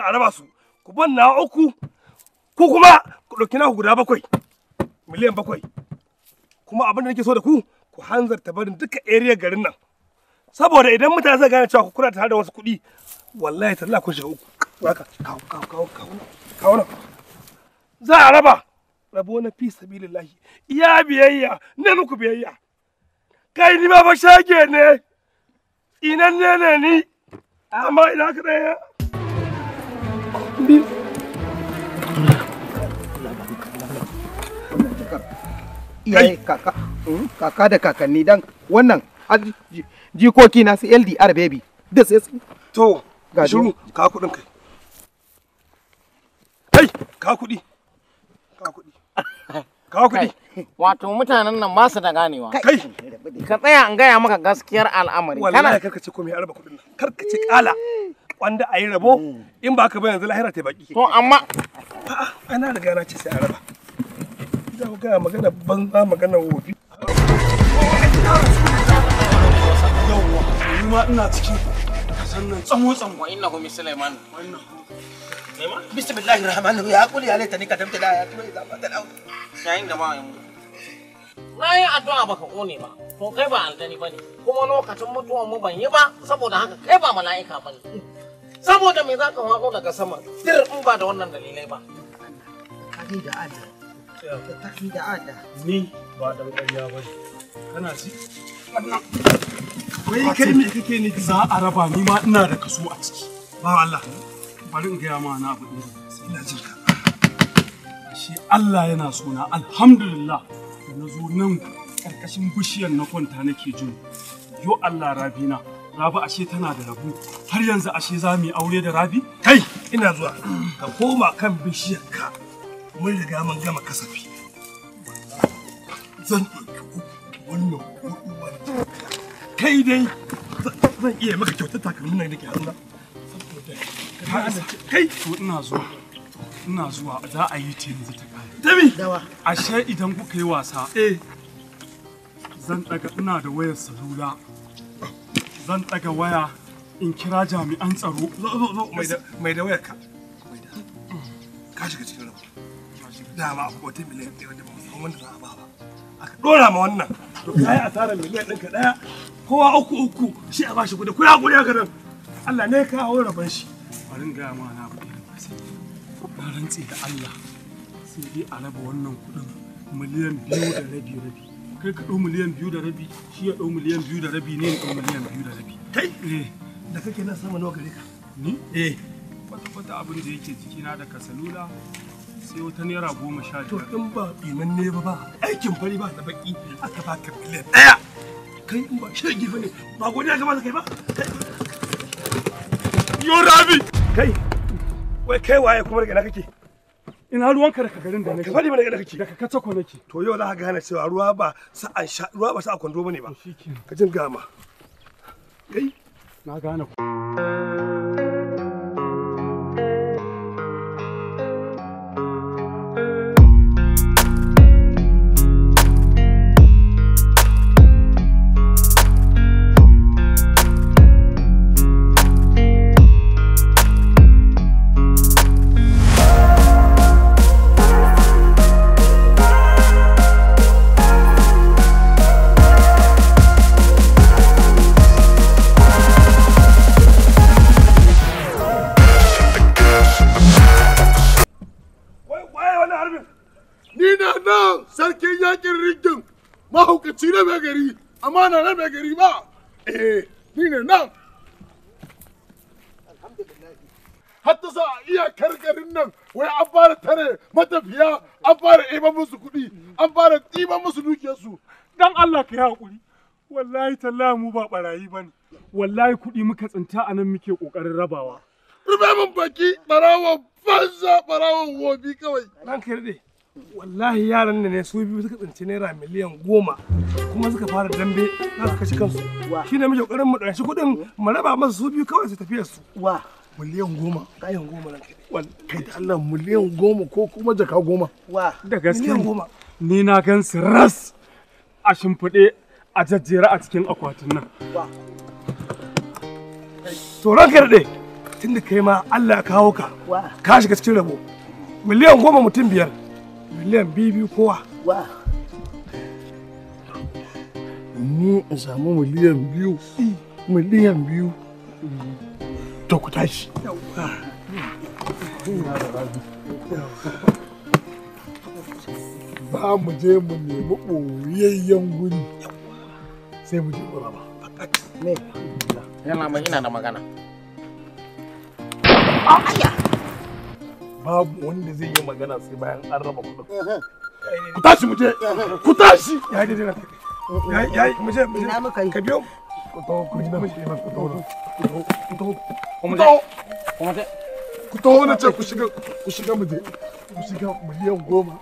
a raba su ku ban na uku ku kuma ku ɗauki naku guda bakwai miliyan bakwai kuma abin da nake so da ku ku hanzarta barin duka area garin nan saboda idan mutane zai gane cewa ku kuna tare da wasu kuɗi wallahi talla kun shiga uku haka kawo kawo kawo kawo kawo nan za a raba rabo na fi sabilillahi iya biyayya ne muku biyayya kai ni ma ba shage ne inan ne ne ni amma ina ka biyu hmm, kaka da kakanni dan wannan jikoki na su ldr baby da sai to ga shiru ka kudin kai kai ka kudi ka kudi ka kudi wato mutanen nan ba su da ganewa kai ka tsaya an gaya maka gaskiyar al'amari wallahi karkace komai arba kudin nan karkace kala kwanda a yi rabo mm. in ba ka ba yanzu lahira ta baki. To amma. A'a ana riga na ce sai a raba. Za ku gaya magana banza magana wofi. Yawwa, ni ma ina cikin kasan nan tsamo tsamo. Wa inna hu Sulaiman. Bismillahir Rahmanir Rahim. Ya kuli ya laita ni ka tamta da ya tuba idan ba ta dawo. Yayin da ma yanzu. Na yi addu'a baka kone ba. ko kai ba aljani bane kuma lokacin mutuwan mu ban yi ba saboda haka kai ba mala'ika bane saboda me zaka hako daga sama dir in ba da wannan dalilai ba kadi da ada kadi da ada ni ba dan ƙarya bane kana ji wannan wai kai me kake ni za a raba ni ma ina da kaso a ciki ba Allah bari in gaya ma na abu ɗin ina jin ka shi Allah yana suna alhamdulillah da na zo nan ƙarƙashin bishiyar na kwanta nake jin yo Allah Rabi na, rabi ashe tana da rabu har yanzu ashe za mu yi aure da rabi kai ina zuwa ka koma kan bishiyar ka mun riga mun gama kasafi zan ɗauki wannan kuɗi kai dai zan iya maka kyautar takalmin nan da ke hannuna kai to ina zuwa ina zuwa za a yi ce ta kare dami ashe idan kuka yi wasa eh zan daga ina da wayar salula zan daga waya in kira jami'an tsaro zo zo zo mai da wayar ka ka shiga cikin rabu dama akwai wata miliyan ɗaya wanda ba mu san wanda za a ba ba aka dora ma wannan to kayi asarar miliyan ɗinka ɗaya kowa uku uku shi a bashi kuɗi kuya kuɗi haka nan Allah ne ka hawo rabon shi bari ga ma na kuɗi na rantsi da Allah sai dai a raba wannan kuɗin miliyan biyu da rabi rabi kai ka ɗau miliyan biyu da rabi shi ya ɗau miliyan biyu da rabi ne ya ɗau miliyan biyu da rabi kai eh. da kake nan sama nawa gare ka ni eh kwata kwata abin da yake jikina da kasalula sai wata naira goma sha biyar to in ba biman ne ba ba aikin fari ba da baki aka baka miliyan ɗaya kai in ba shege ba ne ba godiya gaba da kai ba yo rabi kai wai kai waye kuma daga ina kake ina ruwanka daga garin da nake ka faɗi mana daga kake daga kace ko nake to yau za ka gane cewa ruwa ba sa an sha ruwa ba sa a kwando bane ba ka jin gama kai na gane ku wannan sarkin yakin rigin mahaukaci na mai gari amma na mai gari ba eh ni ne nan hatta sa iyakar garin nan wai an fara tare matafiya an fara iba musu kuɗi an fara ɗiban musu dukiyarsu dan Allah ka yi haƙuri wallahi tallahi mu ba barayi bane wallahi kuɗi muka tsinta a nan muke ƙoƙarin rabawa rufe min baki ɓarawon banza ɓarawon wobi kawai ranka wallahi yaran ne su biyu suka tsinci naira miliyan goma kuma suka fara dambe za su kashi kansu shi ne muke kokarin mu ɗanshi kuɗin mu raba masu su biyu kawai su tafiya su wa miliyan goma miliyan goma ran kai da Allah miliyan goma ko kuma jaka goma wa da gaskiya goma ni na gan su ras a shimfiɗe a jajjera a cikin akwatin nan to ranka da tunda kai ma Allah ya kawo ka ka shiga cikin rabo miliyan goma mutum biyar miliyan biyu kowa ni in samu miliyan biyu miliyan biyu to ku tashi ba mu je mu nemi ɓoyayyen guri sai mu je ƙura ba yana mai da magana Oh, yeah. babu wanda zai yi magana sai bayan an raba kudin. ku tashi muje, ku tashi ya yi dai na ya yi muje, je mu je ka biyo ku taho ku ji na mashi ku taho ku taho ku taho ku taho na ce ku shiga ku shiga muje. ku shiga miliyan goma